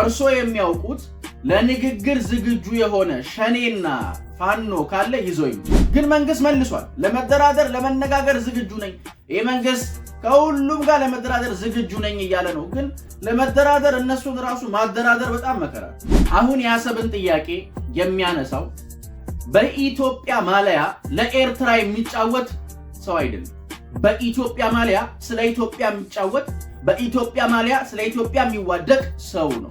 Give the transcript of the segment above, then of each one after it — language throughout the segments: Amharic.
እርስዎ የሚያውቁት ለንግግር ዝግጁ የሆነ ሸኔና ፋኖ ካለ ይዞኝ። ግን መንግስት መልሷል። ለመደራደር ለመነጋገር ዝግጁ ነኝ፣ ይህ መንግስት ከሁሉም ጋር ለመደራደር ዝግጁ ነኝ እያለ ነው። ግን ለመደራደር እነሱን ራሱ ማደራደር በጣም መከራ። አሁን የአሰብን ጥያቄ የሚያነሳው በኢትዮጵያ ማሊያ ለኤርትራ የሚጫወት ሰው አይደለም። በኢትዮጵያ ማሊያ ስለ ኢትዮጵያ የሚጫወት በኢትዮጵያ ማሊያ ስለ ኢትዮጵያ የሚዋደቅ ሰው ነው።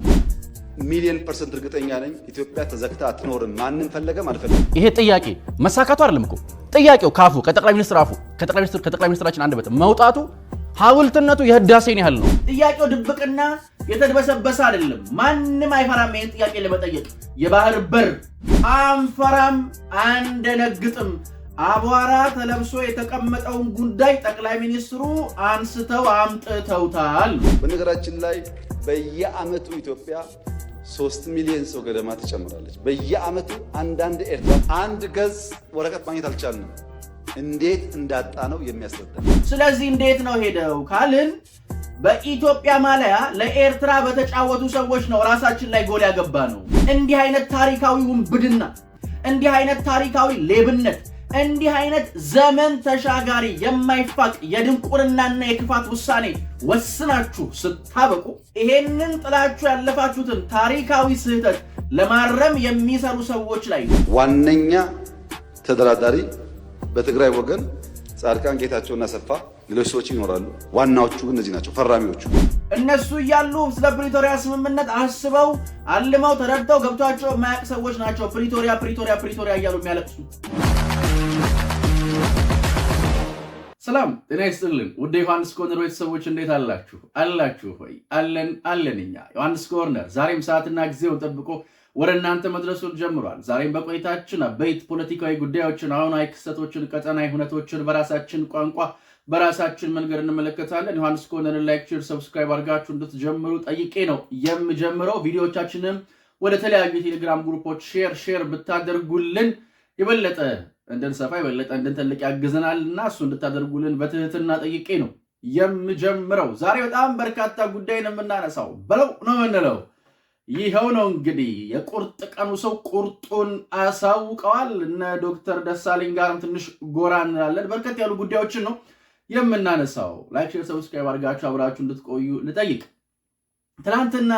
ሚሊዮን ፐርሰንት እርግጠኛ ነኝ። ኢትዮጵያ ተዘግታ አትኖርም። ማንም ፈለገም አልፈለገም። ይሄ ጥያቄ መሳካቱ አይደለም እኮ ጥያቄው ካፉ ከጠቅላይ ሚኒስትር አፉ ከጠቅላይ ሚኒስትራችን አንደበት መውጣቱ ሀውልትነቱ የህዳሴን ያህል ነው። ጥያቄው ድብቅና የተድበሰበሰ አይደለም። ማንም አይፈራም ይህን ጥያቄ ለመጠየቅ የባህር በር አንፈራም፣ አንደነግጥም አቧራ ተለብሶ የተቀመጠውን ጉዳይ ጠቅላይ ሚኒስትሩ አንስተው አምጥተውታል። በነገራችን ላይ በየዓመቱ ኢትዮጵያ ሶስት ሚሊዮን ሰው ገደማ ትጨምራለች። በየዓመቱ አንዳንድ ኤርትራ አንድ ገጽ ወረቀት ማግኘት አልቻልንም። እንዴት እንዳጣ ነው የሚያስረዳ። ስለዚህ እንዴት ነው ሄደው ካልን በኢትዮጵያ ማሊያ ለኤርትራ በተጫወቱ ሰዎች ነው ራሳችን ላይ ጎል ያገባ ነው። እንዲህ አይነት ታሪካዊ ውንብድና፣ እንዲህ አይነት ታሪካዊ ሌብነት እንዲህ አይነት ዘመን ተሻጋሪ የማይፋቅ የድንቁርናና የክፋት ውሳኔ ወስናችሁ ስታበቁ ይሄንን ጥላችሁ ያለፋችሁትን ታሪካዊ ስህተት ለማረም የሚሰሩ ሰዎች ላይ ዋነኛ ተደራዳሪ በትግራይ ወገን ጻድቃን ጌታቸውና ሰፋ ሌሎች ሰዎች ይኖራሉ። ዋናዎቹ እነዚህ ናቸው ፈራሚዎቹ። እነሱ እያሉ ስለ ፕሪቶሪያ ስምምነት አስበው አልመው ተረድተው ገብቷቸው የማያውቅ ሰዎች ናቸው ፕሪቶሪያ ፕሪቶሪያ ፕሪቶሪያ እያሉ የሚያለቅሱ ሰላም ጤና ይስጥልን ውድ ዮሐንስ ኮርነር ቤተሰቦች እንዴት አላችሁ? አላችሁ ሆይ አለን አለን። እኛ ዮሐንስ ኮርነር ዛሬም ሰዓትና ጊዜውን ጠብቆ ወደ እናንተ መድረሱን ጀምሯል። ዛሬም በቆይታችን አበይት ፖለቲካዊ ጉዳዮችን፣ አሁናዊ ክስተቶችን፣ ቀጠናዊ ሁነቶችን በራሳችን ቋንቋ በራሳችን መንገድ እንመለከታለን። ዮሐንስ ኮርነርን ላይክ፣ ሼር፣ ሰብስክራይብ አድርጋችሁ እንድትጀምሩ ጠይቄ ነው የምጀምረው። ቪዲዮዎቻችንም ወደ ተለያዩ የቴሌግራም ግሩፖች ሼር ሼር ብታደርጉልን የበለጠ እንድንሰፋ የበለጠ እንድንተልቅ ያግዘናል እና እሱ እንድታደርጉልን በትህትና ጠይቄ ነው የምጀምረው። ዛሬ በጣም በርካታ ጉዳይ ነው የምናነሳው። በለው ነው የምንለው። ይኸው ነው እንግዲህ የቁርጥ ቀኑ ሰው ቁርጡን አሳውቀዋል። እነ ዶክተር ደሳለኝ ጋርም ትንሽ ጎራ እንላለን። በርከት ያሉ ጉዳዮችን ነው የምናነሳው። ላይክ፣ ሼር፣ ሰብስክራይብ አድርጋችሁ አብራችሁ እንድትቆዩ ልጠይቅ። ትናንትና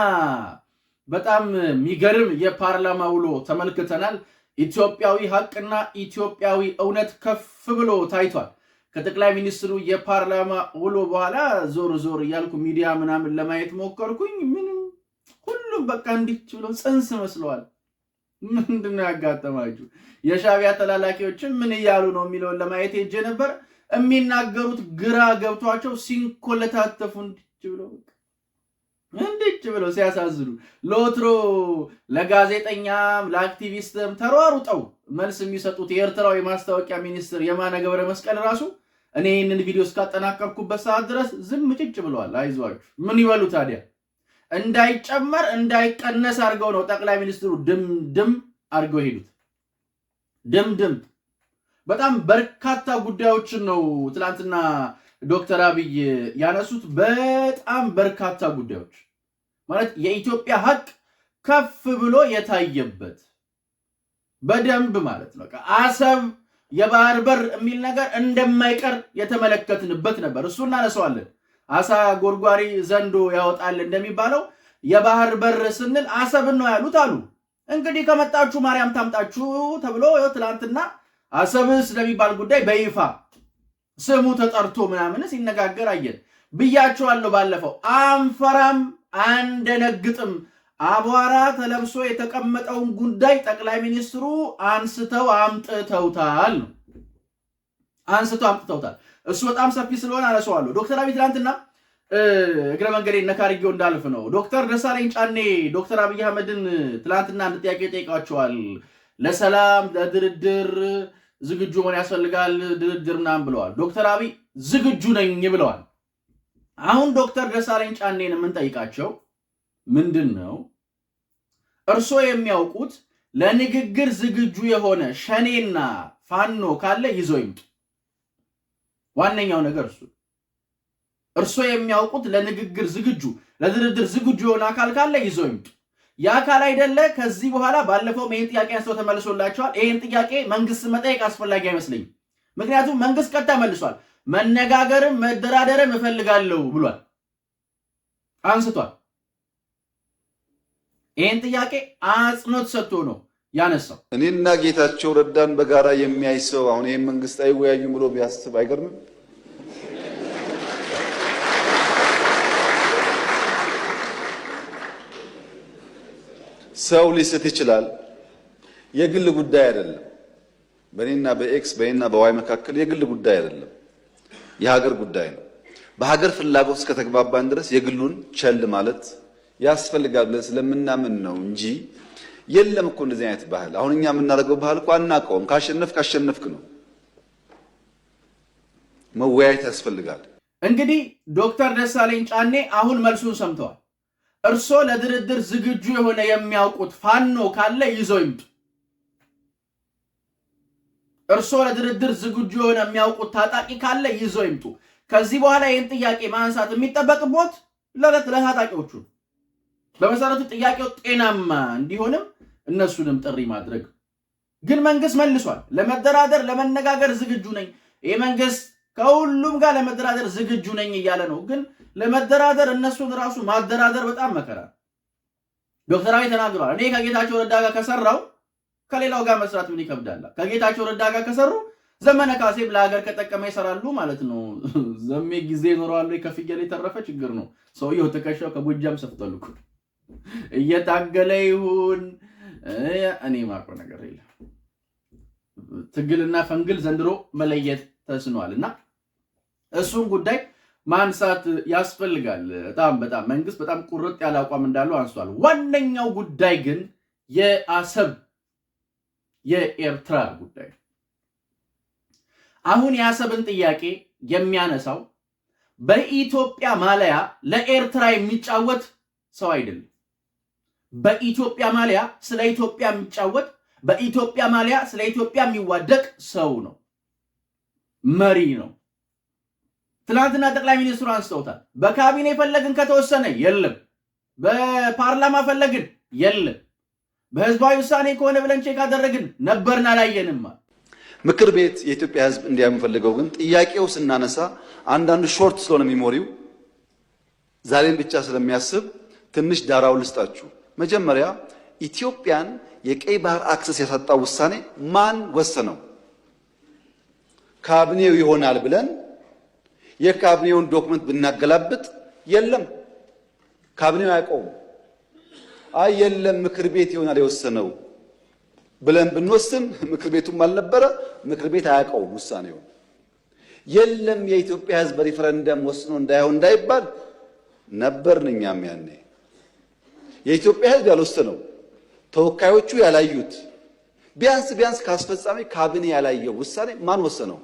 በጣም የሚገርም የፓርላማ ውሎ ተመልክተናል። ኢትዮጵያዊ ሀቅና ኢትዮጵያዊ እውነት ከፍ ብሎ ታይቷል። ከጠቅላይ ሚኒስትሩ የፓርላማ ውሎ በኋላ ዞር ዞር እያልኩ ሚዲያ ምናምን ለማየት ሞከርኩኝ። ምንም ሁሉም በቃ እንዲች ብለው ፅንስ መስለዋል። ምንድን ነው ያጋጠማችሁ? የሻቢያ ተላላኪዎችን ምን እያሉ ነው የሚለውን ለማየት ሄጄ ነበር። የሚናገሩት ግራ ገብቷቸው ሲንኮለታተፉ እንዲች ብለው እንዲች ብለው ሲያሳዝኑ ለወትሮ ለጋዜጠኛም ለአክቲቪስትም ተሯሩጠው መልስ የሚሰጡት የኤርትራው የማስታወቂያ ሚኒስትር የማነ ገብረ መስቀል ራሱ እኔ ይህንን ቪዲዮ እስካጠናቀርኩበት ሰዓት ድረስ ዝም ጭጭ ብለዋል። አይዟችሁ። ምን ይበሉ ታዲያ? እንዳይጨመር እንዳይቀነስ አድርገው ነው ጠቅላይ ሚኒስትሩ ድምድም አድርገው የሄዱት። ድምድም በጣም በርካታ ጉዳዮችን ነው ትናንትና ዶክተር አብይ ያነሱት በጣም በርካታ ጉዳዮች ማለት የኢትዮጵያ ሀቅ ከፍ ብሎ የታየበት በደንብ ማለት ነው። አሰብ የባህር በር የሚል ነገር እንደማይቀር የተመለከትንበት ነበር። እሱ እናነሰዋለን። አሳ ጎርጓሪ ዘንዶ ያወጣል እንደሚባለው የባህር በር ስንል አሰብን ነው ያሉት አሉ። እንግዲህ ከመጣችሁ ማርያም ታምጣችሁ ተብሎ ትላንትና አሰብ ስለሚባል ጉዳይ በይፋ ስሙ ተጠርቶ ምናምን ሲነጋገር አየን። ብያችኋለሁ ባለፈው፣ አንፈራም አንደነግጥም። አቧራ ተለብሶ የተቀመጠውን ጉዳይ ጠቅላይ ሚኒስትሩ አንስተው አምጥተውታል ነው አንስተው አምጥተውታል። እሱ በጣም ሰፊ ስለሆነ አነሰዋለሁ። ዶክተር አብይ ትናንትና እግረ መንገዴ ነካርጌው እንዳልፍ ነው። ዶክተር ደሳለኝ ጫኔ ዶክተር አብይ አህመድን ትናንትና አንድ ጥያቄ ጠይቃቸዋል። ለሰላም ለድርድር ዝግጁ መሆን ያስፈልጋል ድርድር ምናምን ብለዋል። ዶክተር አብይ ዝግጁ ነኝ ብለዋል። አሁን ዶክተር ደሳለኝ ጫኔን የምንጠይቃቸው ምንድን ነው? እርስዎ የሚያውቁት ለንግግር ዝግጁ የሆነ ሸኔና ፋኖ ካለ ይዞ ይምጡ። ዋነኛው ነገር እሱ እርስዎ የሚያውቁት ለንግግር ዝግጁ ለድርድር ዝግጁ የሆነ አካል ካለ ይዞ ይምጡ። ያ ካል አይደለ ከዚህ በኋላ ባለፈው ይህን ጥያቄ አንስተው ተመልሶላቸዋል። ይህን ጥያቄ መንግስት መጠየቅ አስፈላጊ አይመስለኝም። ምክንያቱም መንግስት ቀጥታ መልሷል። መነጋገርም መደራደርም እፈልጋለሁ ብሏል፣ አንስቷል። ይህን ጥያቄ አጽንኦት ሰጥቶ ነው ያነሳው። እኔና ጌታቸው ረዳን በጋራ የሚያይ ሰው አሁን ይህን መንግስት አይወያዩም ብሎ ቢያስብ አይገርምም። ሰው ሊስት ይችላል። የግል ጉዳይ አይደለም። በእኔና በኤክስ በእኔና በዋይ መካከል የግል ጉዳይ አይደለም፣ የሀገር ጉዳይ ነው። በሀገር ፍላጎት እስከተግባባን ድረስ የግሉን ቸል ማለት ያስፈልጋል ብለን ስለምናምን ነው እንጂ የለም እኮ እንደዚህ አይነት ባህል። አሁን እኛ የምናደርገው ባህል እኮ አናውቀውም። ካሸነፍክ አሸነፍክ ነው። መወያየት ያስፈልጋል። እንግዲህ ዶክተር ደሳለኝ ጫኔ አሁን መልሱን ሰምተዋል። እርሶ ለድርድር ዝግጁ የሆነ የሚያውቁት ፋኖ ካለ ይዞ ይምጡ። እርሶ ለድርድር ዝግጁ የሆነ የሚያውቁት ታጣቂ ካለ ይዞ ይምጡ። ከዚህ በኋላ ይህን ጥያቄ ማንሳት የሚጠበቅቦት ለለት ለታጣቂዎቹ በመሰረቱ ጥያቄው ጤናማ እንዲሆንም እነሱንም ጥሪ ማድረግ ግን መንግስት መልሷል። ለመደራደር ለመነጋገር ዝግጁ ነኝ ይህ መንግስት ከሁሉም ጋር ለመደራደር ዝግጁ ነኝ እያለ ነው። ግን ለመደራደር እነሱን ራሱ ማደራደር በጣም መከራ። ዶክተር አብይ ተናግረዋል። እኔ ከጌታቸው ረዳ ጋር ከሰራው ከሌላው ጋር መስራት ምን ይከብዳል? ከጌታቸው ረዳ ጋር ከሰሩ ዘመነ ካሴም ለሀገር ከጠቀመ ይሰራሉ ማለት ነው። ዘሜ ጊዜ ይኖረዋል። ከፍየል የተረፈ ችግር ነው። ሰውየው ትከሻው ከጎጃም ሰፍቷል እኮ እየታገለ ይሁን እኔ ማቆ ነገር የለም። ትግልና ፈንግል ዘንድሮ መለየት ተስኗል እና እሱን ጉዳይ ማንሳት ያስፈልጋል። በጣም በጣም መንግስት በጣም ቁርጥ ያለ አቋም እንዳለው አንስቷል። ዋነኛው ጉዳይ ግን የአሰብ የኤርትራ ጉዳይ አሁን የአሰብን ጥያቄ የሚያነሳው በኢትዮጵያ ማሊያ ለኤርትራ የሚጫወት ሰው አይደለም። በኢትዮጵያ ማሊያ ስለ ኢትዮጵያ የሚጫወት በኢትዮጵያ ማሊያ ስለ ኢትዮጵያ የሚዋደቅ ሰው ነው፣ መሪ ነው። ትናንትና ጠቅላይ ሚኒስትሩ አንስተውታል። በካቢኔ ፈለግን ከተወሰነ የለም፣ በፓርላማ ፈለግን የለም፣ በህዝባዊ ውሳኔ ከሆነ ብለን ቼክ አደረግን ነበርን አላየንም። ምክር ቤት የኢትዮጵያ ህዝብ እንዲያ የምፈልገው ግን ጥያቄው ስናነሳ አንዳንዱ ሾርት ስለሆነ የሚሞሪው ዛሬን ብቻ ስለሚያስብ ትንሽ ዳራው ልስጣችሁ። መጀመሪያ ኢትዮጵያን የቀይ ባህር አክሰስ ያሳጣው ውሳኔ ማን ወሰነው? ካቢኔው ይሆናል ብለን የካቢኔውን ዶክመንት ብናገላብጥ የለም፣ ካቢኔው አያውቀውም። አይ የለም ምክር ቤት ይሆናል የወሰነው ብለን ብንወስን ምክር ቤቱም አልነበረ፣ ምክር ቤት አያውቀውም ውሳኔውን። የለም የኢትዮጵያ ሕዝብ በሪፈረንደም ወስኖ እንዳይሆን እንዳይባል ነበርን እኛም ያኔ። የኢትዮጵያ ሕዝብ ያልወሰነው ተወካዮቹ ያላዩት ቢያንስ ቢያንስ ከአስፈጻሚ ካቢኔ ያላየው ውሳኔ ማን ወሰነው?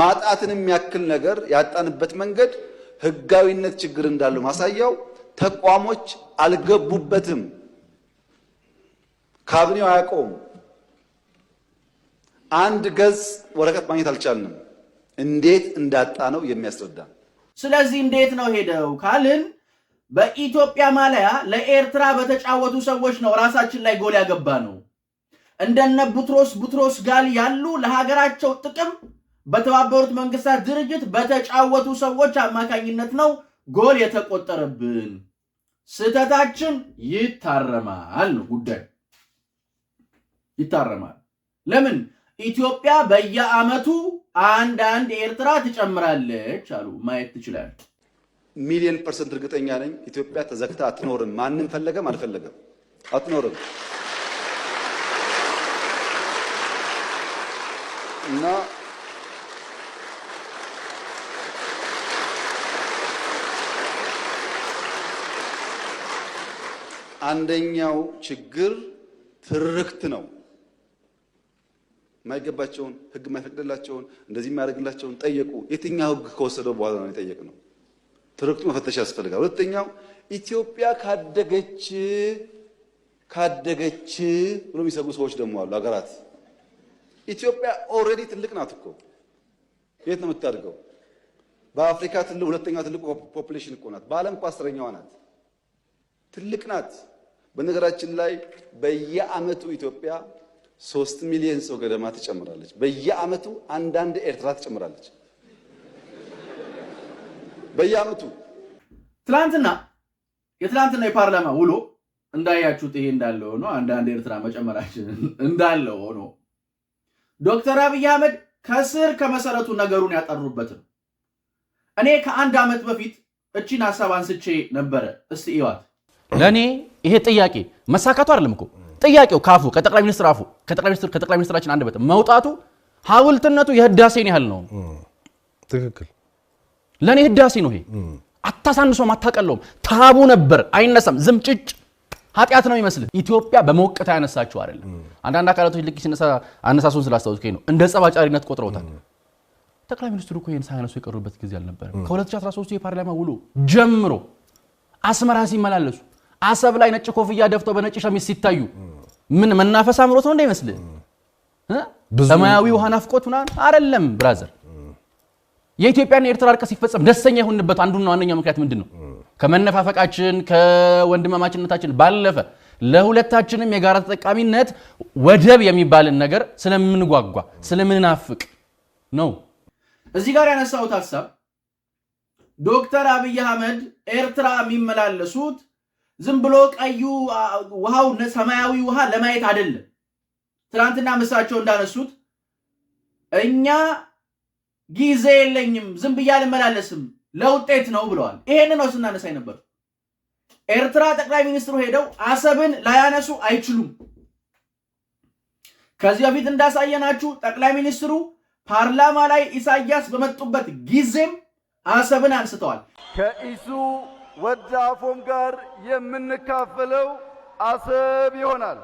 ማጣትን የሚያክል ነገር ያጣንበት መንገድ ህጋዊነት ችግር እንዳለው ማሳያው ተቋሞች አልገቡበትም። ካቢኔው አያውቀውም። አንድ ገጽ ወረቀት ማግኘት አልቻልንም። እንዴት እንዳጣ ነው የሚያስረዳ። ስለዚህ እንዴት ነው ሄደው ካልን በኢትዮጵያ ማሊያ ለኤርትራ በተጫወቱ ሰዎች ነው ራሳችን ላይ ጎል ያገባ ነው። እንደነ ቡትሮስ ቡትሮስ ጋል ያሉ ለሀገራቸው ጥቅም በተባበሩት መንግስታት ድርጅት በተጫወቱ ሰዎች አማካኝነት ነው ጎል የተቆጠረብን። ስህተታችን ይታረማል ነው ጉዳይ። ይታረማል። ለምን ኢትዮጵያ በየአመቱ አንድ አንድ ኤርትራ ትጨምራለች አሉ ማየት ትችላል። ሚሊዮን ፐርሰንት እርግጠኛ ነኝ ኢትዮጵያ ተዘግታ አትኖርም። ማንም ፈለገም አልፈለገም አትኖርም። እና አንደኛው ችግር ትርክት ነው። የማይገባቸውን ህግ የማይፈቅድላቸውን እንደዚህ የማያደርግላቸውን ጠየቁ። የትኛው ህግ ከወሰደው በኋላ ነው የጠየቅ ነው? ትርክቱ መፈተሽ ያስፈልጋል። ሁለተኛው ኢትዮጵያ ካደገች ካደገች ብሎ የሚሰጉ ሰዎች ደግሞ አሉ። ሀገራት ኢትዮጵያ ኦልሬዲ ትልቅ ናት እኮ የት ነው የምታድገው? በአፍሪካ ሁለተኛ ትልቁ ፖፕሌሽን እኮ ናት። በዓለም እኮ አስረኛዋ ናት። ትልቅ ናት። በነገራችን ላይ በየአመቱ ኢትዮጵያ ሶስት ሚሊዮን ሰው ገደማ ትጨምራለች። በየአመቱ አንዳንድ ኤርትራ ትጨምራለች። በየአመቱ ትላንትና የትላንትና የፓርላማ ውሎ እንዳያችሁት ይሄ እንዳለ ሆኖ አንዳንድ ኤርትራ መጨመራችን እንዳለ ሆኖ ዶክተር አብይ አህመድ ከስር ከመሰረቱ ነገሩን ያጠሩበት ነው። እኔ ከአንድ አመት በፊት እቺን ሀሳብ አንስቼ ነበረ። እስቲ ይዋት ለእኔ ይሄ ጥያቄ መሳካቱ አይደለም እኮ ጥያቄው ካፉ ከጠቅላይ ሚኒስትር አፉ ከጠቅላይ ሚኒስትራችን አንደበት መውጣቱ ሀውልትነቱ የህዳሴን ያህል ነው። ትክክል። ለእኔ ህዳሴ ነው። ይሄ አታሳንሶም፣ አታቀለውም። ታቡ ነበር አይነሳም። ዝም ጭጭ ኃጢአት ነው ይመስል ኢትዮጵያ በመወቀታ ያነሳችው አይደለም። አንዳንድ አካላቶች ልክ ሲነሳ አነሳሱን ስላስታወስኩኝ ነው እንደ ጸባጫሪነት ቆጥረውታል። ጠቅላይ ሚኒስትሩ እኮ ይህን ሳያነሱ የቀሩበት ጊዜ አልነበረም። ከ2013 የፓርላማ ውሎ ጀምሮ አስመራ ሲመላለሱ አሰብ ላይ ነጭ ኮፍያ ደፍተው በነጭ ሸሚዝ ሲታዩ ምን መናፈስ አምሮት ነው እንዳይመስልህ። ሰማያዊ ውሃ ናፍቆት ምናምን አይደለም ብራዘር። የኢትዮጵያና የኤርትራ እርቅ ሲፈጸም ደስተኛ የሆንበት አንዱና ዋነኛው ምክንያት ምንድን ነው? ከመነፋፈቃችን ከወንድማማችነታችን ባለፈ ለሁለታችንም የጋራ ተጠቃሚነት ወደብ የሚባልን ነገር ስለምንጓጓ ስለምንናፍቅ ነው። እዚህ ጋር ያነሳሁት ሀሳብ ዶክተር አብይ አህመድ ኤርትራ የሚመላለሱት ዝም ብሎ ቀዩ ውሃው ሰማያዊ ውሃ ለማየት አይደለም። ትናንትና ምሳቸው እንዳነሱት እኛ ጊዜ የለኝም ዝም ብዬ አልመላለስም ለውጤት ነው ብለዋል። ይሄን ነው ስናነሳ ነበር። ኤርትራ ጠቅላይ ሚኒስትሩ ሄደው አሰብን ላያነሱ አይችሉም። ከዚህ በፊት እንዳሳየናችሁ ጠቅላይ ሚኒስትሩ ፓርላማ ላይ ኢሳያስ በመጡበት ጊዜም አሰብን አንስተዋል ከኢሱ ወዳፎም ጋር የምንካፈለው አሰብ ይሆናል።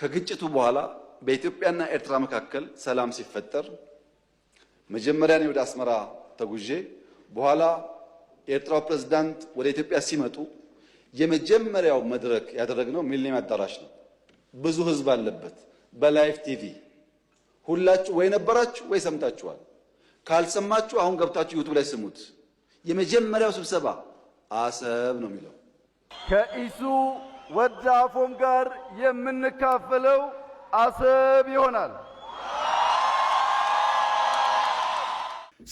ከግጭቱ በኋላ በኢትዮጵያና ኤርትራ መካከል ሰላም ሲፈጠር መጀመሪያ ወደ አስመራ ተጉዤ በኋላ የኤርትራው ፕሬዝዳንት ወደ ኢትዮጵያ ሲመጡ የመጀመሪያው መድረክ ያደረግነው ሚሊኒየም አዳራሽ ነው። ብዙ ሕዝብ አለበት። በላይቭ ቲቪ ሁላችሁ ወይ ነበራችሁ ወይ ሰምታችኋል። ካልሰማችሁ አሁን ገብታችሁ ዩቱብ ላይ ስሙት። የመጀመሪያው ስብሰባ አሰብ ነው የሚለው ከኢሱ ወዳፎም ጋር የምንካፈለው አሰብ ይሆናል።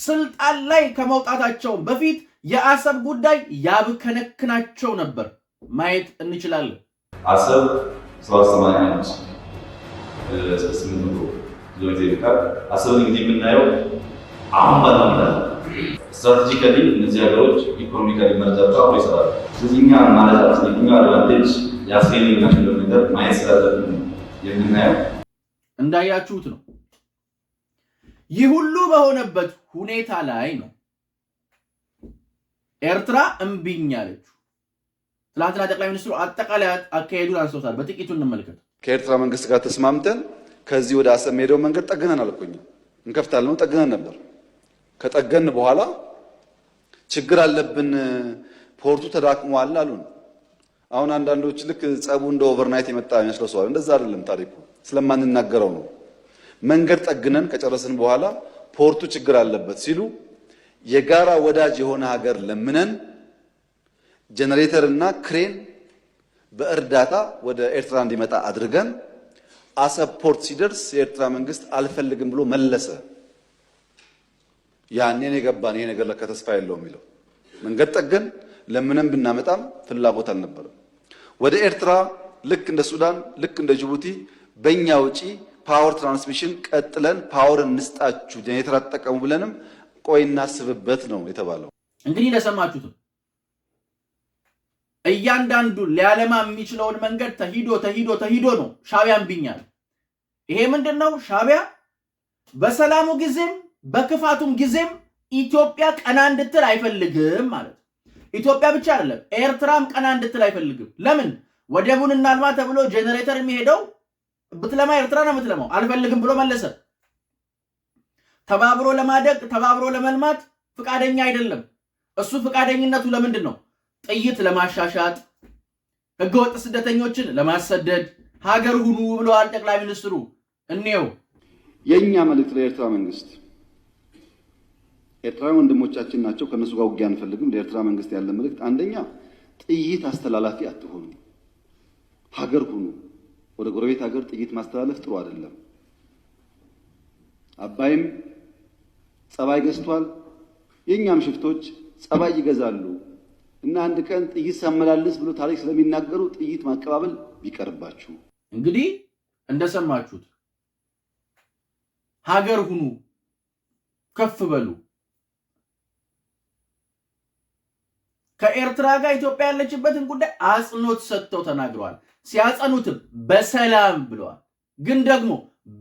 ስልጣን ላይ ከመውጣታቸው በፊት የአሰብ ጉዳይ ያብከነክናቸው ነበር። ማየት እንችላለን። አሰብ ሰባት ስምንት ኪሎ ሜትር አሰብን እንግዲህ የምናየው አሁን ባለው ስትራቴጂካሊ እነዚህ ሀገሮች ኢኮኖሚካሊ መርጃቸው አብሮ ይሰራሉ። ስለዚህ እኛ አስ የትኛው አድቫንቴጅ የአስገኝ ናቸው ነገር ማየት ስላለብን የምናየው እንዳያችሁት ነው። ይህ ሁሉ በሆነበት ሁኔታ ላይ ነው ኤርትራ እምቢኝ አለችው። ትናንትና ጠቅላይ ሚኒስትሩ አጠቃላይ አካሄዱን አንስተውታል። በጥቂቱ እንመልከት። ከኤርትራ መንግስት ጋር ተስማምተን ከዚህ ወደ አሰብ ሄደው መንገድ ጠግነን አልኩኝ እንከፍታለን ነው ጠግነን ነበር ከጠገን በኋላ ችግር አለብን፣ ፖርቱ ተዳክሟል አሉን። አሁን አንዳንዶች ልክ ጸቡ እንደ ኦቨርናይት የመጣ ይመስለው ሰዋል። እንደዛ አይደለም ታሪኩ፣ ስለማንናገረው ነው። መንገድ ጠግነን ከጨረስን በኋላ ፖርቱ ችግር አለበት ሲሉ የጋራ ወዳጅ የሆነ ሀገር ለምነን ጄኔሬተር እና ክሬን በእርዳታ ወደ ኤርትራ እንዲመጣ አድርገን አሰብ ፖርት ሲደርስ የኤርትራ መንግስት አልፈልግም ብሎ መለሰ። ያኔን የገባን ይሄ ነገር ለካ ተስፋ የለውም የሚለው መንገድ ጠገን ለምንም ብናመጣም ፍላጎት አልነበረም። ወደ ኤርትራ ልክ እንደ ሱዳን ልክ እንደ ጅቡቲ በእኛ ውጪ ፓወር ትራንስሚሽን ቀጥለን ፓወር እንስጣችሁ ጄኔሬተር አትጠቀሙ ብለንም ቆይ እናስብበት ነው የተባለው። እንግዲህ እንደሰማችሁትም እያንዳንዱ ሊያለማ የሚችለውን መንገድ ተሂዶ ተሂዶ ተሂዶ ነው ሻቢያን ብኛል። ይሄ ምንድን ነው በሰላሙ ጊዜም በክፋቱም ጊዜም ኢትዮጵያ ቀና እንድትል አይፈልግም ማለት ኢትዮጵያ ብቻ አይደለም፣ ኤርትራም ቀና እንድትል አይፈልግም። ለምን ወደቡን እናልማ ተብሎ ጄኔሬተር የሚሄደው ብትለማ ኤርትራ ነው የምትለማው። አልፈልግም ብሎ መለሰ። ተባብሮ ለማደግ ተባብሮ ለመልማት ፍቃደኛ አይደለም። እሱ ፍቃደኝነቱ ለምንድን ነው? ጥይት ለማሻሻጥ፣ ህገወጥ ስደተኞችን ለማሰደድ ሀገር ሁኑ ብለዋል ጠቅላይ ሚኒስትሩ። እኔው የእኛ መልእክት ለኤርትራ መንግስት ኤርትራዊ ወንድሞቻችን ናቸው። ከእነሱ ጋር ውጊያ አንፈልግም። ለኤርትራ መንግስት ያለ መልእክት አንደኛ ጥይት አስተላላፊ አትሆኑ፣ ሀገር ሁኑ። ወደ ጎረቤት ሀገር ጥይት ማስተላለፍ ጥሩ አይደለም። አባይም ጸባይ ገዝቷል። የእኛም ሽፍቶች ጸባይ ይገዛሉ እና አንድ ቀን ጥይት ሳመላልስ ብሎ ታሪክ ስለሚናገሩ ጥይት ማቀባበል ቢቀርባችሁ። እንግዲህ እንደሰማችሁት ሀገር ሁኑ፣ ከፍ በሉ። ከኤርትራ ጋር ኢትዮጵያ ያለችበትን ጉዳይ አጽንኦት ሰጥተው ተናግረዋል። ሲያጸኑትም በሰላም ብለዋል። ግን ደግሞ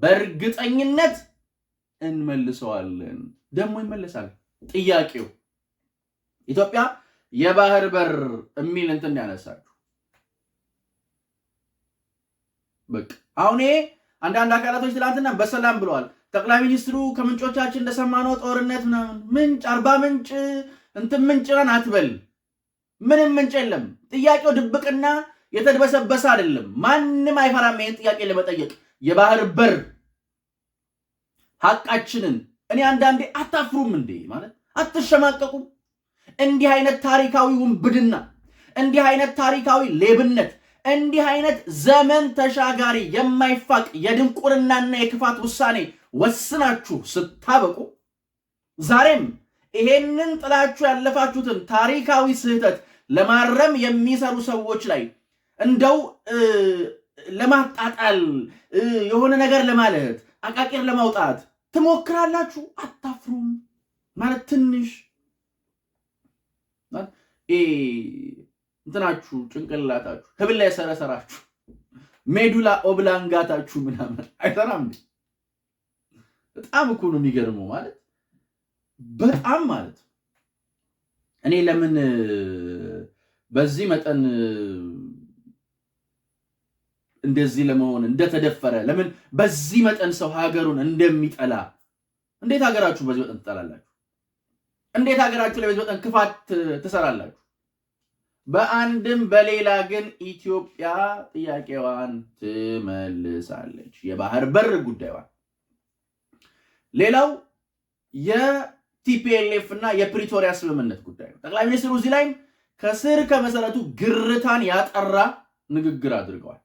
በእርግጠኝነት እንመልሰዋለን፣ ደግሞ ይመለሳል። ጥያቄው ኢትዮጵያ የባህር በር የሚል እንትን ያነሳችሁ በቃ አሁን ይሄ አንዳንድ አካላቶች ትናንትና በሰላም ብለዋል። ጠቅላይ ሚኒስትሩ ከምንጮቻችን እንደሰማነው ጦርነት ምንጭ አርባ ምንጭ እንትን ምንጭ ነን አትበል ምንም ምንጭ የለም። ጥያቄው ድብቅና የተድበሰበሰ አይደለም። ማንም አይፈራም ይህን ጥያቄ ለመጠየቅ። የባህር በር ሀቃችንን እኔ አንዳንዴ አታፍሩም እንዴ ማለት አትሸማቀቁም? እንዲህ አይነት ታሪካዊ ውንብድና፣ እንዲህ አይነት ታሪካዊ ሌብነት፣ እንዲህ አይነት ዘመን ተሻጋሪ የማይፋቅ የድንቁርናና የክፋት ውሳኔ ወስናችሁ ስታበቁ ዛሬም ይሄንን ጥላችሁ ያለፋችሁትን ታሪካዊ ስህተት ለማረም የሚሰሩ ሰዎች ላይ እንደው ለማጣጣል የሆነ ነገር ለማለት አቃቂር ለማውጣት ትሞክራላችሁ። አታፍሩም ማለት ትንሽ እንትናችሁ ጭንቅላታችሁ ህብል ላይ ሰረሰራችሁ ሜዱላ ኦብላንጋታችሁ ምናምን አይሰራም። በጣም እኮ ነው የሚገርመው ማለት በጣም ማለት እኔ ለምን በዚህ መጠን እንደዚህ ለመሆን እንደተደፈረ ለምን በዚህ መጠን ሰው ሀገሩን እንደሚጠላ እንዴት ሀገራችሁ በዚህ መጠን ትጠላላችሁ? እንዴት ሀገራችሁ ላይ በዚህ መጠን ክፋት ትሰራላችሁ? በአንድም በሌላ ግን ኢትዮጵያ ጥያቄዋን ትመልሳለች፣ የባህር በር ጉዳይዋን። ሌላው ቲፒኤልኤፍ እና የፕሪቶሪያ ስምምነት ጉዳይ ነው። ጠቅላይ ሚኒስትሩ እዚህ ላይም ከስር ከመሰረቱ ግርታን ያጠራ ንግግር አድርገዋል።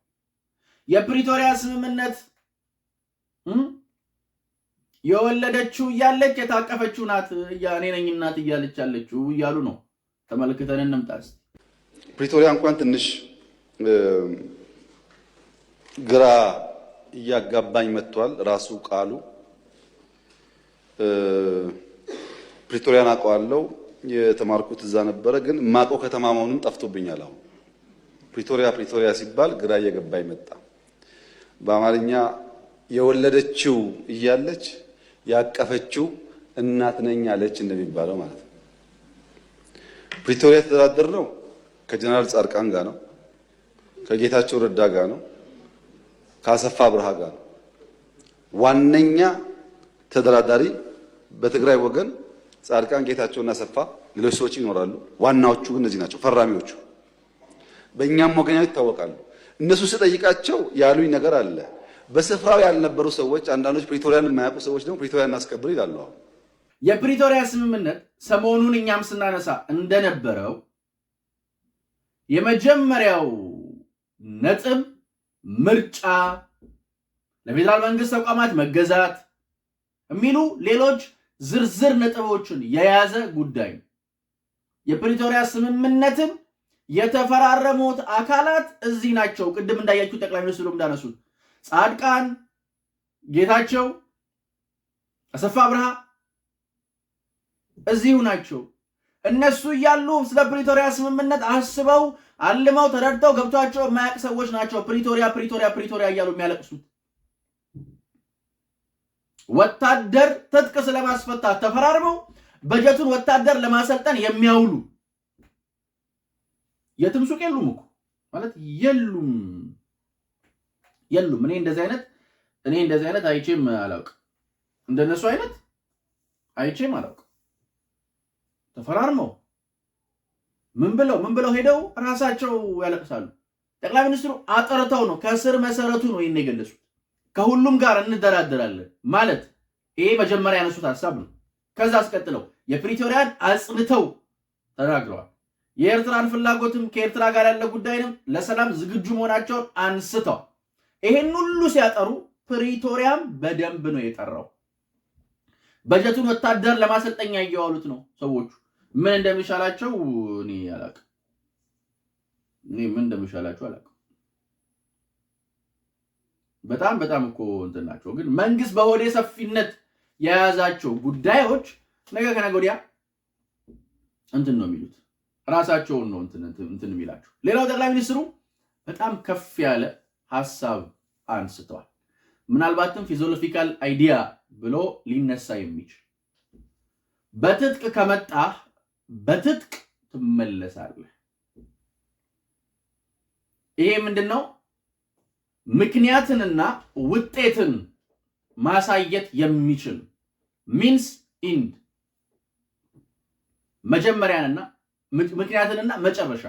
የፕሪቶሪያ ስምምነት የወለደችው እያለች የታቀፈችው ናት እኔ ነኝ እናት እያለች ያለችው እያሉ ነው። ተመልክተን እንምጣ። ፕሪቶሪያ እንኳን ትንሽ ግራ እያጋባኝ መጥቷል ራሱ ቃሉ ፕሪቶሪያን አውቀዋለሁ። የተማርኩት እዛ ነበረ። ግን ማውቀው ከተማ መሆኑን ጠፍቶብኛል። አሁን ፕሪቶሪያ ፕሪቶሪያ ሲባል ግራ እየገባ ይመጣ በአማርኛ የወለደችው እያለች ያቀፈችው እናት ነኝ አለች እንደሚባለው ማለት ነው። ፕሪቶሪያ ነው ከጀነራል ጻድቃን ጋር ነው፣ ከጌታቸው ረዳ ጋር ነው፣ ከአሰፋ ብርሃ ጋር ነው። ዋነኛ ተደራዳሪ በትግራይ ወገን ጻድቃን ጌታቸውና ሰፋ፣ ሌሎች ሰዎች ይኖራሉ። ዋናዎቹ እነዚህ ናቸው፣ ፈራሚዎቹ በእኛም ወገኛ ይታወቃሉ። እነሱ ስጠይቃቸው ያሉኝ ነገር አለ። በስፍራው ያልነበሩ ሰዎች፣ አንዳንዶች ፕሪቶሪያን የማያውቁ ሰዎች ደግሞ ፕሪቶሪያ እናስከብር ይላሉ። አሁን የፕሪቶሪያ ስምምነት ሰሞኑን እኛም ስናነሳ እንደነበረው የመጀመሪያው ነጥብ ምርጫ፣ ለፌዴራል መንግስት ተቋማት መገዛት የሚሉ ሌሎች ዝርዝር ነጥቦቹን የያዘ ጉዳይ ነው። የፕሪቶሪያ ስምምነትም የተፈራረሙት አካላት እዚህ ናቸው። ቅድም እንዳያችሁ ጠቅላይ ሚኒስትሩ እንዳነሱት ጻድቃን ጌታቸው፣ አሰፋ ብርሃ እዚሁ ናቸው። እነሱ እያሉ ስለ ፕሪቶሪያ ስምምነት አስበው አልመው ተረድተው ገብቷቸው የማያውቅ ሰዎች ናቸው። ፕሪቶሪያ ፕሪቶሪያ ፕሪቶሪያ እያሉ የሚያለቅሱት ወታደር ትጥቅ ስለማስፈታት ተፈራርመው በጀቱን ወታደር ለማሰልጠን የሚያውሉ የትም ሱቅ የሉም እኮ ማለት የሉም የሉም። እኔ እንደዚህ አይነት እኔ እንደዚህ አይነት አይቼም አላውቅ፣ እንደነሱ አይነት አይቼም አላውቅ። ተፈራርመው ምን ብለው ምን ብለው ሄደው ራሳቸው ያለቅሳሉ። ጠቅላይ ሚኒስትሩ አጥርተው ነው ከስር መሰረቱ ነው ይህን የገለጹት። ከሁሉም ጋር እንደራደራለን ማለት ይሄ መጀመሪያ ያነሱት ሀሳብ ነው። ከዛ አስቀጥለው የፕሪቶሪያን አጽንተው ተናግረዋል። የኤርትራን ፍላጎትም ከኤርትራ ጋር ያለ ጉዳይንም ለሰላም ዝግጁ መሆናቸውን አንስተዋል። ይሄን ሁሉ ሲያጠሩ ፕሪቶሪያም በደንብ ነው የጠራው። በጀቱን ወታደር ለማሰልጠኛ እየዋሉት ነው ሰዎቹ። ምን እንደሚሻላቸው እኔ አላቅም። እኔ ምን እንደሚሻላቸው አላቅም። በጣም በጣም እኮ እንትን ናቸው። ግን መንግስት በሆዴ ሰፊነት የያዛቸው ጉዳዮች ነገ ከነገ ወዲያ እንትን ነው የሚሉት ራሳቸውን ነው እንትን የሚላቸው። ሌላው ጠቅላይ ሚኒስትሩ በጣም ከፍ ያለ ሀሳብ አንስተዋል። ምናልባትም ፊዞሎፊካል አይዲያ ብሎ ሊነሳ የሚችል በትጥቅ ከመጣህ በትጥቅ ትመለሳለህ። ይሄ ምንድን ነው? ምክንያትንና ውጤትን ማሳየት የሚችል ሚንስ ኢንድ መጀመሪያንና ምክንያትንና መጨረሻ።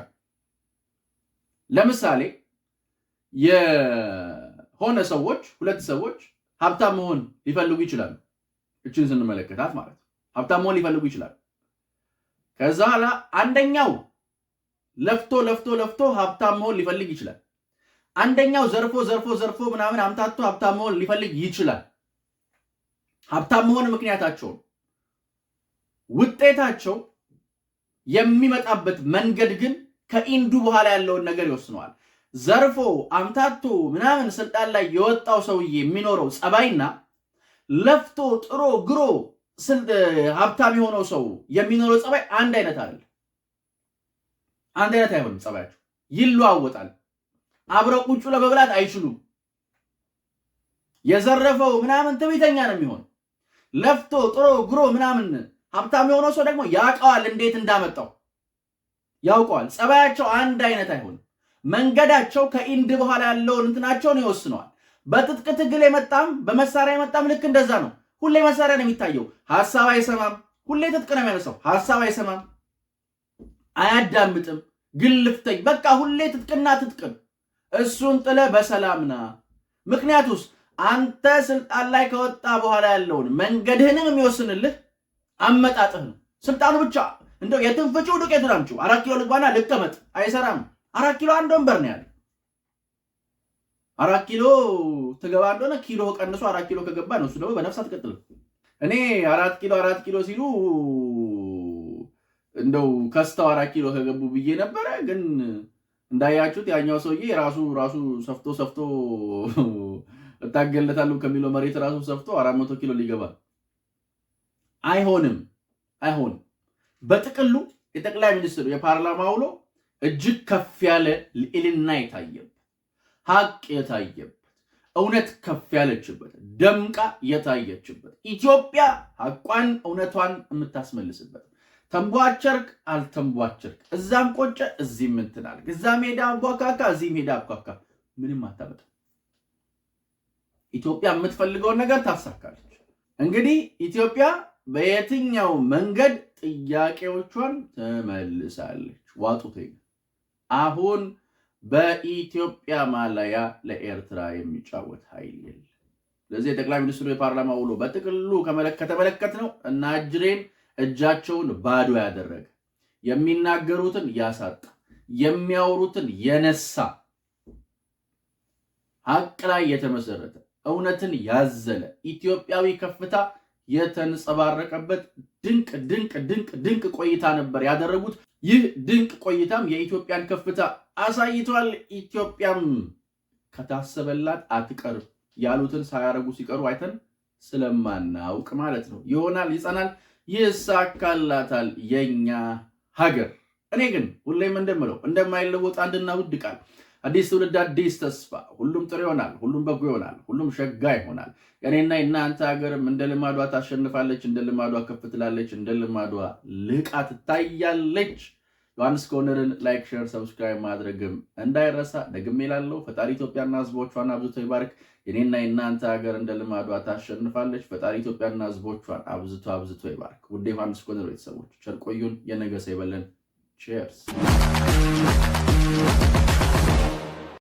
ለምሳሌ የሆነ ሰዎች ሁለት ሰዎች ሀብታም መሆን ሊፈልጉ ይችላሉ። እችን ስንመለከታት ማለት ሀብታም መሆን ሊፈልጉ ይችላሉ። ከዛ ኋላ አንደኛው ለፍቶ ለፍቶ ለፍቶ ሀብታም መሆን ሊፈልግ ይችላል። አንደኛው ዘርፎ ዘርፎ ዘርፎ ምናምን አምታቶ ሀብታም መሆን ሊፈልግ ይችላል። ሀብታም መሆን ምክንያታቸው ውጤታቸው የሚመጣበት መንገድ ግን ከኢንዱ በኋላ ያለውን ነገር ይወስነዋል። ዘርፎ አምታቶ ምናምን ስልጣን ላይ የወጣው ሰውዬ የሚኖረው ጸባይና ለፍቶ ጥሮ ግሮ ሀብታም የሆነው ሰው የሚኖረው ጸባይ አንድ አይነት አይደለም። አንድ አይነት አይሆንም። ጸባያቸው ይለዋወጣል። አብረው ቁጭ ለመብላት አይችሉም። የዘረፈው ምናምን ትዕቢተኛ ነው የሚሆን። ለፍቶ ጥሮ ግሮ ምናምን ሀብታም የሆነው ሰው ደግሞ ያውቀዋል፣ እንዴት እንዳመጣው ያውቀዋል። ጸባያቸው አንድ አይነት አይሆንም። መንገዳቸው ከኢንድ በኋላ ያለውን እንትናቸውን ይወስነዋል። በትጥቅ ትግል የመጣም በመሳሪያ የመጣም ልክ እንደዛ ነው። ሁሌ መሳሪያ ነው የሚታየው፣ ሀሳብ አይሰማም። ሁሌ ትጥቅ ነው የሚያነሳው፣ ሀሳብ አይሰማም፣ አያዳምጥም፣ ግልፍተኝ በቃ ሁሌ ትጥቅና ትጥቅም እሱን ጥለ በሰላም ና። ምክንያቱስ አንተ ስልጣን ላይ ከወጣ በኋላ ያለውን መንገድህንም የሚወስንልህ አመጣጥህ ነው። ስልጣኑ ብቻ እንደው የትንፍጩ ዱቄት ዱቄቱን አራት ኪሎ ልግባና ልቀመጥ አይሰራም። አራት ኪሎ አንድ ወንበር ነው ያለ። አራት ኪሎ ትገባ እንደሆነ ኪሎ ቀንሶ አራት ኪሎ ከገባ ነው እሱ ደግሞ በነፍስ አትቀጥል። እኔ አራት ኪሎ አራት ኪሎ ሲሉ እንደው ከስተው አራት ኪሎ ከገቡ ብዬ ነበረ ግን እንዳያችሁት ያኛው ሰውዬ ራሱ ራሱ ሰፍቶ ሰፍቶ እታገለታሉ ከሚለው መሬት ራሱ ሰፍቶ አራት መቶ ኪሎ ሊገባ አይሆንም፣ አይሆንም። በጥቅሉ የጠቅላይ ሚኒስትሩ የፓርላማ ውሎ እጅግ ከፍ ያለ ልዕልና የታየበት ሀቅ የታየበት እውነት ከፍ ያለችበት ደምቃ የታየችበት ኢትዮጵያ ሀቋን እውነቷን የምታስመልስበት ተንቧቸርክ አልተንቧቸርክ፣ እዛም ቆጨ እዚህ ምንትናል፣ እዛ ሜዳ ሄዳ አቧካካ እዚህም ሄዳ አቧካካ፣ ምንም አታመጣም። ኢትዮጵያ የምትፈልገውን ነገር ታሳካለች። እንግዲህ ኢትዮጵያ በየትኛው መንገድ ጥያቄዎቿን ትመልሳለች? ዋጡት። አሁን በኢትዮጵያ ማላያ ለኤርትራ የሚጫወት ኃይል የለ። ስለዚህ የጠቅላይ ሚኒስትሩ የፓርላማ ውሎ በጥቅሉ ከተመለከት ነው እና እጅሬን እጃቸውን ባዶ ያደረገ የሚናገሩትን ያሳጣ የሚያወሩትን የነሳ ሀቅ ላይ የተመሰረተ እውነትን ያዘለ ኢትዮጵያዊ ከፍታ የተንጸባረቀበት ድንቅ ድንቅ ድንቅ ድንቅ ቆይታ ነበር ያደረጉት። ይህ ድንቅ ቆይታም የኢትዮጵያን ከፍታ አሳይቷል። ኢትዮጵያም ከታሰበላት አትቀርም ያሉትን ሳያረጉ ሲቀሩ አይተን ስለማናውቅ ማለት ነው። ይሆናል፣ ይጸናል። ይሳካላታል የኛ ሀገር። እኔ ግን ሁሌም እንደምለው እንደማይለወጥ አንድና ውድ ቃል አዲስ ትውልድ አዲስ ተስፋ፣ ሁሉም ጥሩ ይሆናል፣ ሁሉም በጎ ይሆናል፣ ሁሉም ሸጋ ይሆናል። የእኔና የእናንተ ሀገርም እንደ ልማዷ ታሸንፋለች፣ እንደ ልማዷ ከፍ ትላለች፣ እንደ ልማዷ ልቃ ትታያለች። ዮሐንስ ኮርነርን ላይክ፣ ሼር፣ ሰብስክራይብ ማድረግም እንዳይረሳ። ደግሜ እላለሁ ፈጣሪ ኢትዮጵያና ህዝቦቿን አብዝቶ ይባርክ። የኔና የእናንተ ሀገር እንደ ልማዷ ታሸንፋለች። ፈጣሪ ኢትዮጵያና ህዝቦቿን አብዝቶ አብዝቶ ይባርክ። ውድ ዮሐንስ ኮርነር ቤተሰቦች ቸርቆዩን የነገሰ ይበለን። ቼርስ